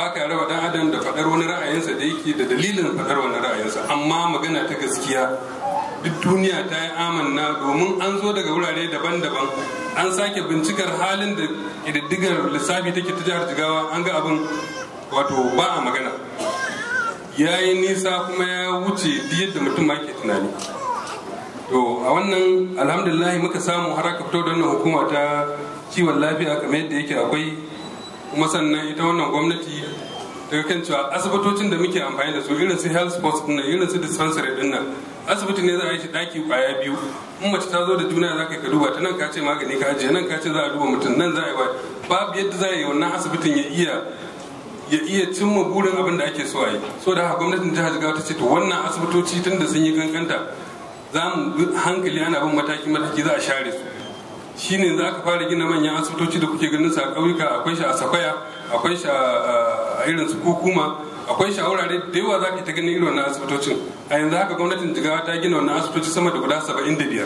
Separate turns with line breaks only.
ba ka raba dan adam da faɗar wani ra'ayinsa da yake da dalilin faɗar wani ra'ayinsa amma magana ta gaskiya duk duniya ta yi amanna domin an zo daga wurare daban-daban an sake bincikar halin da ƙididdigar lissafi take ta jihar jigawa an ga abin wato ba a magana ya yi nisa kuma ya wuce yadda mutum ma ke tunani to a wannan alhamdulillah muka samu har aka fito da wannan hukuma ta kiwon lafiya kamar yadda yake akwai kuma sannan ita wannan gwamnati daga kan cewa asibitocin da muke amfani da su irin su health sports din nan irin su dispensary din nan asibiti ne za a yi shi daki kwaya biyu in mace ta zo da juna za ka ka duba ta nan ka ce magani ka ajiye nan ka ce za a duba mutum nan za a yi ba babu yadda za a yi wannan asibitin ya iya ya iya cimma burin abin da ake so a yi so da haka gwamnatin jihar jigawa ta ce to wannan asibitoci tun da sun yi kankanta za mu hankali ana bin mataki mataki za a share su shine yanzu aka fara gina manyan asibitoci da kuke ganin sa a ƙauyuka akwai shi a sakwaya akwai shi a irin su kukuma akwai shi a wurare da yawa za ka ta ganin irin wannan asibitocin a yanzu haka gwamnatin jigawa ta gina wannan asibitoci sama da guda saba'in da biyar